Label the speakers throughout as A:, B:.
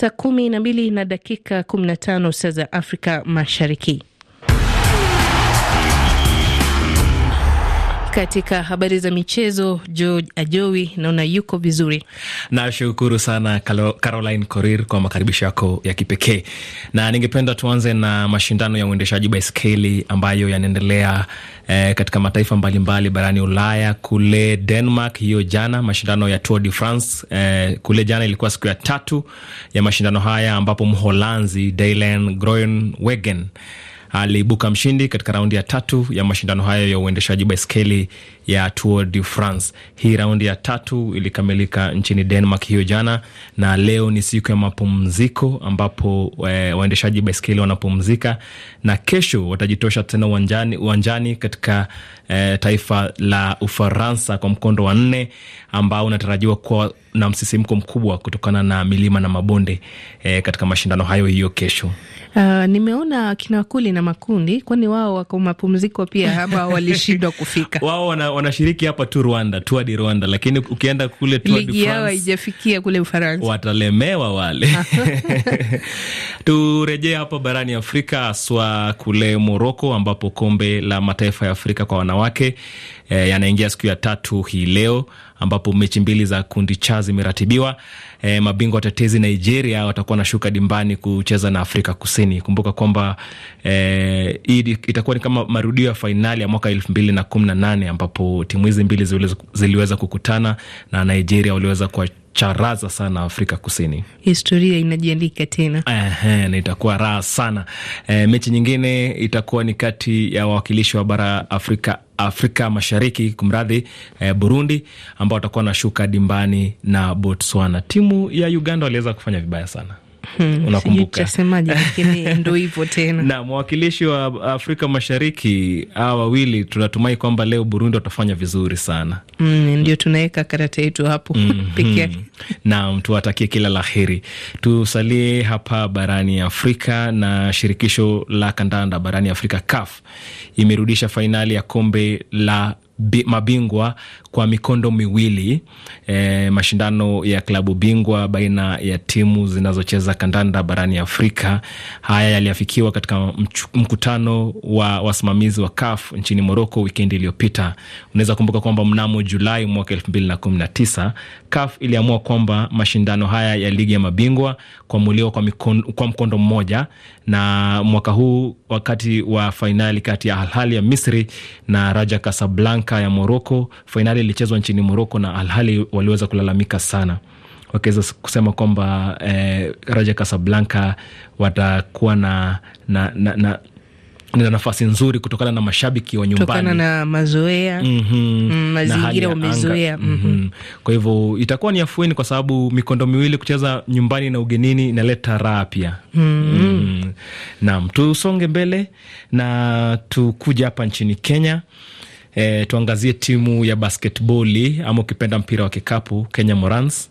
A: saa kumi na mbili na dakika kumi na tano saa za Afrika Mashariki. Katika habari za michezo, George Ajowi eh, naona yuko vizuri.
B: Nashukuru sana Caroline Korir kwa makaribisho yako ya kipekee, na ningependa tuanze na mashindano ya uendeshaji baiskeli ambayo yanaendelea eh, katika mataifa mbalimbali mbali barani Ulaya. Kule Denmark hiyo jana mashindano ya Tour de France eh, kule jana ilikuwa siku ya tatu ya mashindano haya ambapo Mholanzi Dylan Groenewegen aliibuka mshindi katika raundi ya tatu ya mashindano hayo ya uendeshaji baiskeli ya Tour de France. Hii raundi ya tatu ilikamilika nchini Denmark hiyo jana, na leo ni siku ya mapumziko ambapo e, waendeshaji baiskeli wanapumzika na kesho watajitosha tena uwanjani, uwanjani katika e, taifa la Ufaransa kwa mkondo wa nne ambao unatarajiwa kuwa na msisimko mkubwa kutokana na milima na mabonde e, katika mashindano hayo hiyo kesho.
A: Uh, nimeona kinakuli na makundi, kwani wao wako mapumziko pia hapa walishindwa
B: kufika wao wanashiriki wana hapa tu Rwanda, Tour du Rwanda, lakini ukienda kule Tour du
A: haijafikia kule Ufaransa,
B: watalemewa wale ah. turejee hapa barani Afrika, haswa kule Moroko ambapo kombe la mataifa ya Afrika kwa wanawake e, yanaingia siku ya tatu hii leo ambapo mechi mbili za kundi cha zimeratibiwa. E, mabingwa watetezi Nigeria watakuwa na shuka dimbani kucheza na Afrika Kusini. Kumbuka kwamba e, itakuwa ni kama marudio ya fainali ya mwaka elfu mbili na kumi na nane ambapo timu hizi mbili ziliweza kukutana na Nigeria waliweza kwa charaza sana Afrika Kusini. Historia inajiandika tena Ehe, na itakuwa raha sana E, Mechi nyingine itakuwa ni kati ya wawakilishi wa bara Afrika Afrika Mashariki kumradhi, eh, Burundi ambao watakuwa na shuka dimbani na Botswana. Timu ya Uganda waliweza kufanya vibaya sana.
A: Hmm, unakumbuka ndo hivyo tena.
B: Na mwakilishi wa Afrika Mashariki hawa wawili tunatumai kwamba leo Burundi watafanya vizuri sana.
A: Hmm, ndio tunaweka
B: karata yetu hapo pekee. -hmm. hmm. Naam, tuwatakie kila la heri. Tusalie hapa barani Afrika na shirikisho la kandanda barani Afrika CAF imerudisha fainali ya kombe la mabingwa kwa mikondo miwili e, mashindano ya klabu bingwa baina ya timu zinazocheza kandanda barani Afrika. Haya yaliafikiwa katika mkutano wa wasimamizi wa CAF nchini Moroko wikendi iliyopita. Unaweza kumbuka kwamba mnamo Julai mwaka elfu mbili na kumi na tisa CAF iliamua kwamba mashindano haya ya ligi ya mabingwa kuamuliwa kwa, kwa mkondo mmoja na mwaka huu wakati wa fainali kati ya Alhali ya Misri na Raja kasablanka ya Moroko. Fainali ilichezwa nchini moroko na Alhali waliweza kulalamika sana wakiweza kusema kwamba eh, Raja kasablanka watakuwa na, na, na, na, na nafasi nzuri kutokana na mashabiki wa nyumbani, kutokana
A: na mazoea mhm.
B: mm -hmm. mazingira umezoea mm -hmm. mm -hmm. Kwa hivyo itakuwa ni afueni, kwa sababu mikondo miwili kucheza nyumbani na ugenini inaleta raha pia
A: mhm. mm -hmm. mm
B: -hmm. Naam, tusonge mbele na tukuja hapa nchini Kenya. E, tuangazie timu ya basketboli ama ukipenda mpira wa kikapu Kenya Morans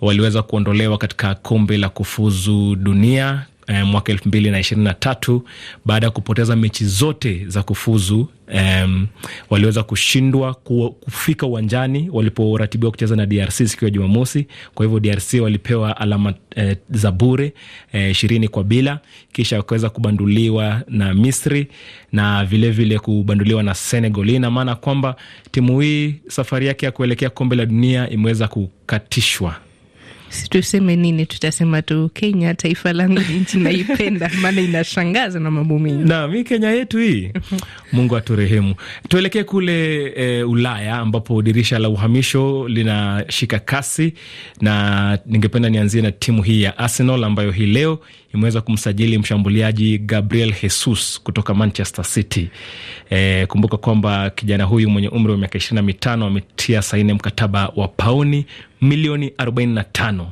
B: waliweza kuondolewa katika kombe la kufuzu dunia eh, mwaka elfu mbili na ishirini na tatu baada ya kupoteza mechi zote za kufuzu. Um, waliweza kushindwa kufika uwanjani waliporatibiwa kucheza na DRC siku ya Jumamosi. Kwa hivyo DRC walipewa alama eh, za bure eh, ishirini eh, kwa bila, kisha wakaweza kubanduliwa na Misri na vilevile vile kubanduliwa na Senegal. Hii ina maana kwamba timu hii safari yake ya kuelekea kombe la dunia imeweza kukatishwa
A: situseme nini? Tutasema tu Kenya, taifa langu, ni nchi naipenda, maana inashangaza na mambo mengi.
B: Na mi Kenya yetu hii Mungu aturehemu. Tuelekee kule e, Ulaya ambapo dirisha la uhamisho linashika kasi, na ningependa nianzie na timu hii ya Arsenal ambayo hii leo imeweza kumsajili mshambuliaji Gabriel Jesus kutoka Manchester City. E, kumbuka kwamba kijana huyu mwenye umri wa miaka ishirini na mitano ametia saini mkataba wa pauni milioni 45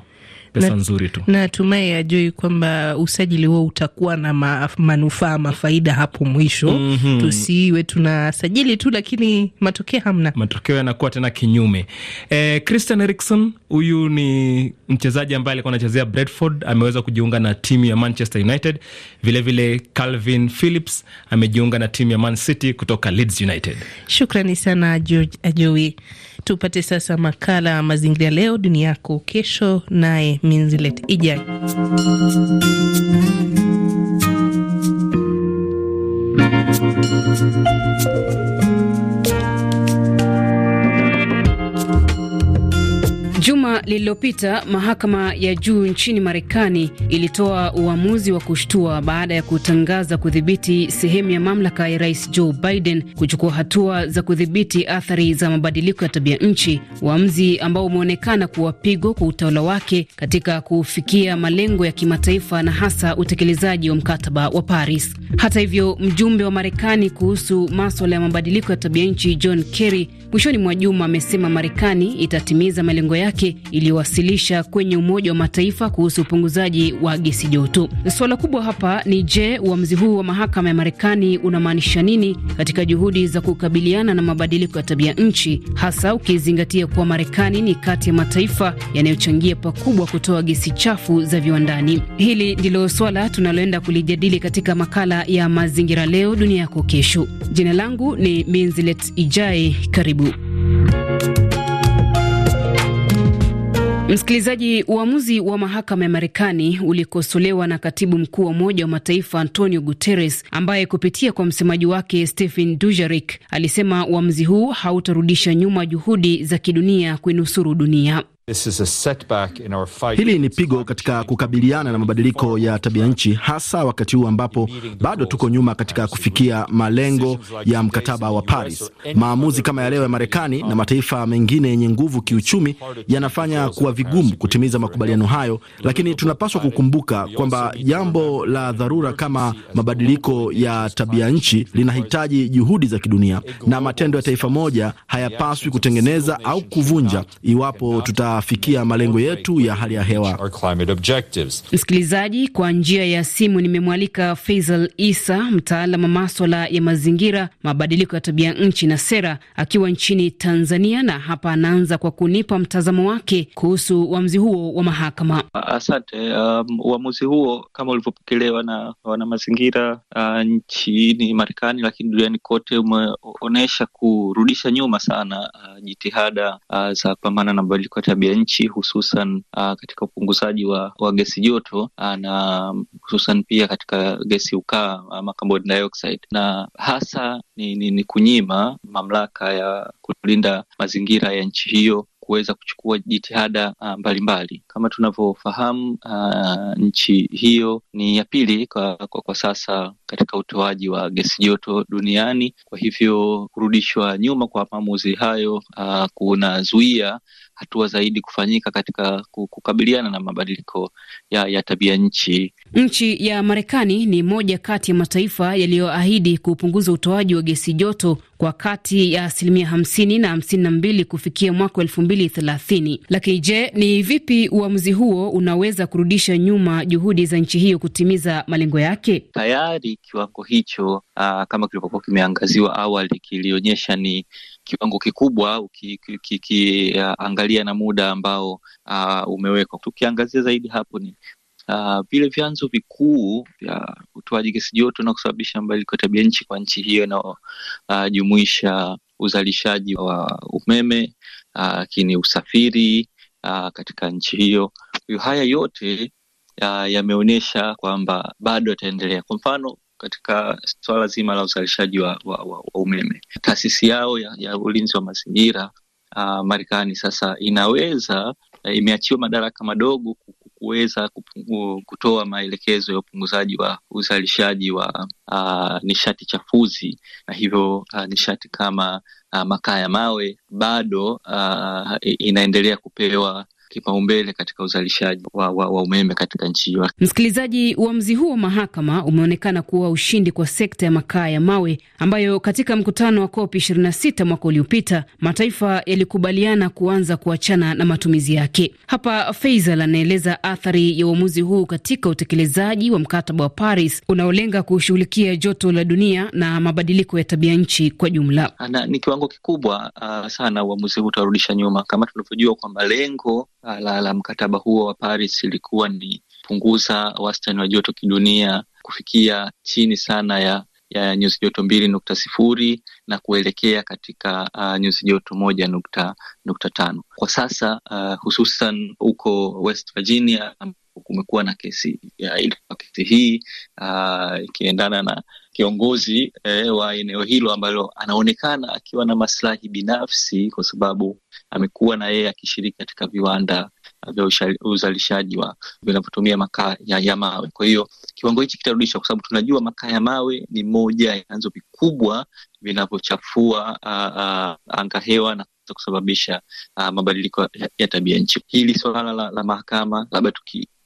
B: pesa na, nzuri tu.
A: Natumai ajui kwamba usajili huo utakuwa na ma, manufaa mafaida hapo mwisho. mm -hmm. Tusiiwe tunasajili tu lakini
B: matokeo hamna, matokeo yanakuwa tena kinyume. Eh, Christian Eriksen huyu ni mchezaji ambaye alikuwa anachezea Brentford, ameweza kujiunga na timu ya Manchester United. Vilevile vile Calvin Phillips amejiunga na timu ya Man City kutoka Leeds United.
A: Shukrani sana George Ajowi. Tupate sasa makala Mazingira Leo Dunia Yako Kesho, naye Minzilet Ijai
C: lililopita mahakama ya juu nchini Marekani ilitoa uamuzi wa kushtua baada ya kutangaza kudhibiti sehemu ya mamlaka ya rais Joe Biden kuchukua hatua za kudhibiti athari za mabadiliko ya tabia nchi, uamuzi ambao umeonekana kuwa pigo kwa utawala wake katika kufikia malengo ya kimataifa na hasa utekelezaji wa mkataba wa Paris. Hata hivyo, mjumbe wa Marekani kuhusu maswala ya mabadiliko ya tabia nchi John Kerry mwishoni mwa juma amesema Marekani itatimiza malengo yake iliyowasilisha kwenye Umoja wa Mataifa kuhusu upunguzaji wa gesi joto. Suala kubwa hapa ni je, uamuzi huu wa mahakama ya Marekani unamaanisha nini katika juhudi za kukabiliana na mabadiliko ya tabia nchi, hasa ukizingatia kuwa Marekani ni kati ya mataifa yanayochangia pakubwa kutoa gesi chafu za viwandani. Hili ndilo swala tunaloenda kulijadili katika makala ya Mazingira Leo Dunia Yako Kesho. Jina langu ni Minzilet Ijai, karibu. Msikilizaji, uamuzi wa mahakama ya Marekani ulikosolewa na katibu mkuu wa Umoja wa Mataifa Antonio Guterres, ambaye kupitia kwa msemaji wake Stephen dujarik alisema uamuzi huu hautarudisha nyuma juhudi za kidunia kuinusuru dunia.
B: This is a setback in our fight. Hili ni pigo katika kukabiliana na mabadiliko ya tabia nchi, hasa wakati huu ambapo bado tuko nyuma katika kufikia malengo ya mkataba wa Paris. Maamuzi kama ya leo ya Marekani na mataifa mengine yenye nguvu kiuchumi yanafanya kuwa vigumu kutimiza makubaliano hayo, lakini tunapaswa kukumbuka kwamba jambo la dharura kama mabadiliko ya tabia nchi linahitaji juhudi za kidunia, na matendo ya taifa moja hayapaswi kutengeneza au kuvunja iwapo tuta tutafikia malengo yetu ya hali ya hewa.
C: Msikilizaji, kwa njia ya simu nimemwalika Faisal Isa, mtaalam wa maswala ya mazingira, mabadiliko ya tabia nchi na sera, akiwa nchini Tanzania, na hapa anaanza kwa kunipa mtazamo wake kuhusu uamuzi huo wa mahakama.
D: Asante. Um, uamuzi huo kama ulivyopokelewa na wana mazingira uh, nchini Marekani, lakini duniani kote umeonyesha kurudisha nyuma sana uh, jitihada uh, za pambana na mabadiliko ya tabia tabia nchi hususan uh, katika upunguzaji wa, wa gesi joto uh, na hususan pia katika gesi ukaa ah, ama carbon dioxide, na hasa ni, ni, ni kunyima mamlaka ya kulinda mazingira ya nchi hiyo kuweza kuchukua jitihada mbalimbali uh, mbali. Kama tunavyofahamu uh, nchi hiyo ni ya pili kwa, kwa, kwa sasa katika utoaji wa gesi joto duniani. Kwa hivyo kurudishwa nyuma kwa maamuzi hayo uh, kunazuia hatua zaidi kufanyika katika kukabiliana na mabadiliko ya, ya tabia nchi.
C: Nchi ya Marekani ni moja kati ya mataifa yaliyoahidi kupunguza utoaji wa gesi joto kwa kati ya asilimia hamsini na hamsini na mbili kufikia mwaka wa elfu mbili thelathini. Lakini je, ni vipi uamuzi huo unaweza kurudisha nyuma juhudi za nchi hiyo kutimiza malengo yake?
D: Tayari kiwango hicho aa, kama kilivyokuwa kimeangaziwa awali kilionyesha ni kiwango kikubwa ukiangalia uh, na muda ambao uh, umewekwa. Tukiangazia zaidi hapo ni vile vyanzo vikuu vya utoaji gesi joto na kusababisha mabadiliko ya tabia nchi kwa nchi hiyo inayojumuisha uh, uzalishaji wa umeme lakini uh, usafiri uh, katika nchi hiyo. Haya yote uh, yameonyesha kwamba bado yataendelea. Kwa mfano katika swala zima la uzalishaji wa, wa, wa, wa umeme. Taasisi yao ya, ya ulinzi wa mazingira uh, Marekani sasa inaweza uh, imeachiwa madaraka madogo kuweza kutoa maelekezo ya upunguzaji wa uzalishaji wa uh, nishati chafuzi na hivyo uh, nishati kama uh, makaa ya mawe bado uh, inaendelea kupewa kipaumbele katika uzalishaji wa, wa, wa umeme katika nchi hiyo.
C: Msikilizaji, uamuzi huo mahakama umeonekana kuwa ushindi kwa sekta ya makaa ya mawe ambayo katika mkutano wa COP 26 mwaka uliopita mataifa yalikubaliana kuanza kuachana na matumizi yake. Hapa Faisal anaeleza athari ya uamuzi huu katika utekelezaji wa mkataba wa Paris unaolenga kushughulikia joto la dunia na mabadiliko ya tabia nchi kwa jumla.
D: Ana, ni kiwango kikubwa uh, sana uamuzi huu utarudisha nyuma, kama tunavyojua kwamba lengo la, la mkataba huo wa Paris ilikuwa ni punguza wastani wa joto kidunia kufikia chini sana ya ya nyuzi joto mbili nukta sifuri na kuelekea katika uh, nyuzi joto moja nukta nukta tano kwa sasa uh, hususan huko West Virginia kumekuwa na kesi ya ilikuwa uh, kesi hii uh, ikiendana na kiongozi eh, wa eneo hilo ambalo anaonekana akiwa na maslahi binafsi, kwa sababu amekuwa na yeye akishiriki katika viwanda vya uzalishaji wa vinavyotumia makaa ya, ya mawe. Kwa hiyo kiwango hichi kitarudishwa, kwa sababu tunajua makaa ya mawe ni moja ya vyanzo vikubwa vinavyochafua anga hewa na kusababisha mabadiliko ya, ya tabia nchi. Hili suala la, la mahakama labda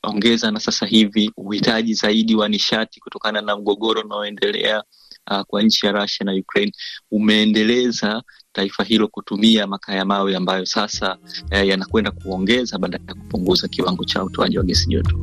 D: ongeza na sasa hivi uhitaji zaidi wa nishati kutokana na mgogoro unaoendelea uh, kwa nchi ya Russia na Ukraine umeendeleza taifa hilo kutumia makaa ya mawe ambayo sasa eh, yanakwenda kuongeza badala ya kupunguza kiwango cha utoaji wa gesi joto.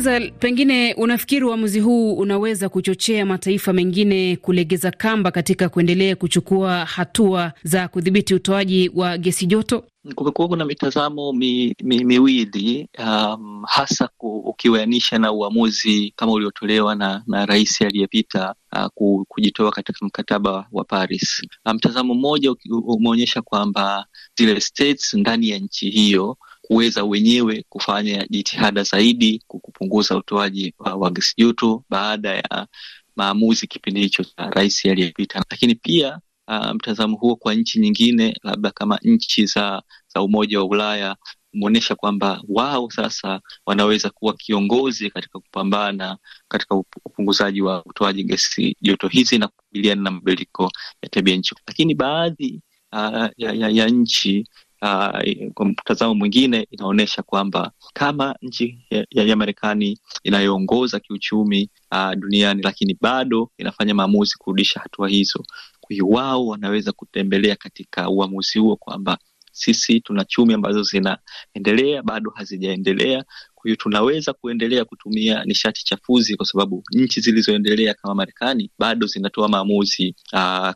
C: Faisal, pengine unafikiri uamuzi huu unaweza kuchochea mataifa mengine kulegeza kamba katika kuendelea kuchukua hatua za kudhibiti utoaji wa gesi joto?
D: Kumekuwa kuna mitazamo mi, mi, miwili um, hasa ukiwanisha na uamuzi kama uliotolewa na, na rais aliyepita uh, kujitoa katika mkataba wa Paris. Uh, mtazamo um, mmoja umeonyesha kwamba zile states ndani ya nchi hiyo kuweza wenyewe kufanya jitihada zaidi kupunguza utoaji wa gesi joto baada ya maamuzi kipindi hicho cha rais aliyepita, lakini pia uh, mtazamo huo kwa nchi nyingine, labda kama nchi za, za Umoja wa Ulaya umeonyesha kwamba wao sasa wanaweza kuwa kiongozi katika kupambana katika upunguzaji wa utoaji gesi joto hizi na kukabiliana na mabadiliko ya tabia nchi, lakini baadhi uh, ya, ya, ya nchi Uh, kwa mtazamo mwingine inaonyesha kwamba kama nchi ya, ya Marekani inayoongoza kiuchumi uh, duniani, lakini bado inafanya maamuzi kurudisha hatua hizo. Kwa hiyo wao wanaweza kutembelea katika uamuzi huo kwamba sisi tuna chumi ambazo zinaendelea bado hazijaendelea, kwa hiyo tunaweza kuendelea kutumia nishati chafuzi, kwa sababu nchi zilizoendelea kama Marekani bado zinatoa maamuzi uh,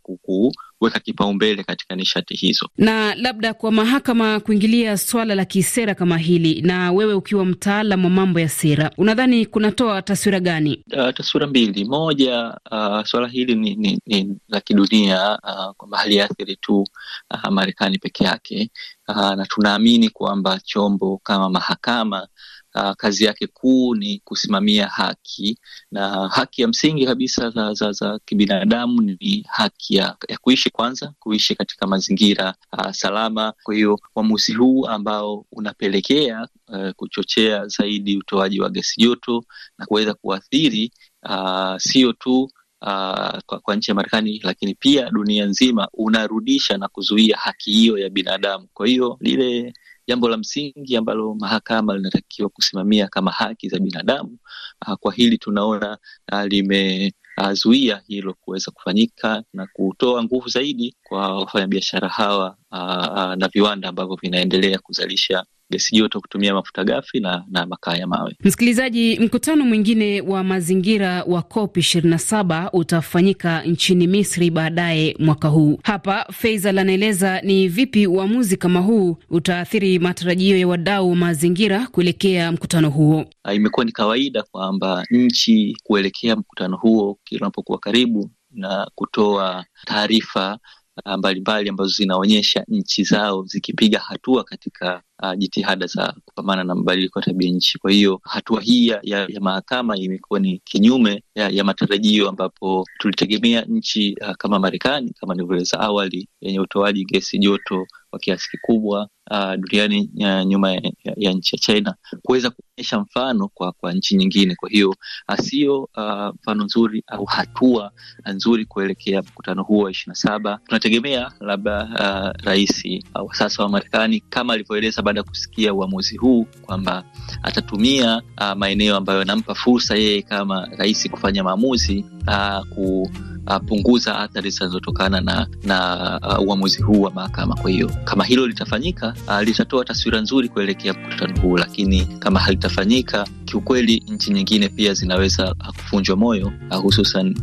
D: kuweka kipaumbele katika nishati hizo.
C: Na labda kwa mahakama kuingilia swala la kisera kama hili, na wewe ukiwa mtaalam wa mambo ya sera, unadhani kunatoa taswira gani?
D: Uh, taswira mbili. Moja, uh, swala hili ni, ni, ni la kidunia uh, kwamba haliathiri tu uh, Marekani peke yake uh, na tunaamini kwamba chombo kama mahakama uh, kazi yake kuu ni kusimamia haki na haki ya msingi kabisa za, za, za kibinadamu ni haki ya, ya kuishi kwanza, kuishi katika mazingira uh, salama. Kwa hiyo uamuzi huu ambao unapelekea uh, kuchochea zaidi utoaji wa gesi joto na kuweza kuathiri ah, sio uh, tu Uh, kwa, kwa nchi ya Marekani lakini pia dunia nzima unarudisha na kuzuia haki hiyo ya binadamu. Kwa hiyo lile jambo la msingi ambalo mahakama linatakiwa kusimamia kama haki za binadamu. Ah, kwa hili tunaona ah, limezuia hilo kuweza kufanyika na kutoa nguvu zaidi kwa wafanyabiashara hawa ah, na viwanda ambavyo vinaendelea kuzalisha gesi joto kutumia mafuta gafi na, na makaa ya mawe.
C: Msikilizaji, mkutano mwingine wa mazingira wa COP 27 utafanyika nchini Misri baadaye mwaka huu. Hapa Faisal anaeleza ni vipi uamuzi kama huu utaathiri matarajio ya wadau wa mazingira kuelekea mkutano huo.
D: Ah, imekuwa ni kawaida kwamba nchi kuelekea mkutano huo kila unapokuwa karibu na kutoa taarifa Uh, mbalimbali ambazo zinaonyesha nchi zao zikipiga hatua katika uh, jitihada za kupambana na mabadiliko ya tabia nchi. Kwa hiyo hatua hii ya, ya mahakama imekuwa ni kinyume ya, ya matarajio, ambapo tulitegemea nchi uh, kama Marekani, kama nilivyoeleza awali, yenye utoaji gesi joto kwa kiasi kikubwa uh, duniani uh, nyuma ya, ya, ya nchi ya China kuweza kuonyesha mfano kwa, kwa nchi nyingine. Kwa hiyo uh, sio uh, mfano nzuri au hatua nzuri kuelekea mkutano huo wa ishirini na saba. Tunategemea labda uh, rais uh, wa uh, sasa wa Marekani kama alivyoeleza baada ya kusikia uamuzi huu kwamba atatumia uh, maeneo ambayo anampa fursa yeye kama rais kufanya maamuzi uh, ku uh, punguza athari zinazotokana na, na uh, uamuzi huu wa mahakama. Kwa hiyo kama hilo litafanyika, uh, ah, litatoa taswira nzuri kuelekea mkutano huu, lakini kama halitafanyika, kiukweli nchi nyingine pia zinaweza ah, kuvunjwa moyo, uh, hususan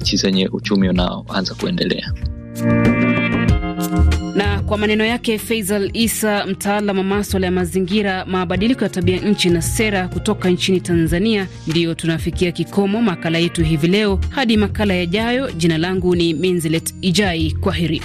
D: nchi zenye uchumi unaoanza kuendelea.
C: Na kwa maneno yake Faisal Isa, mtaalam wa maswala ya mazingira, mabadiliko ya tabia nchi na sera kutoka nchini Tanzania, ndiyo tunafikia kikomo makala yetu hivi leo. Hadi makala yajayo, jina langu ni Minzilet Ijai. heri.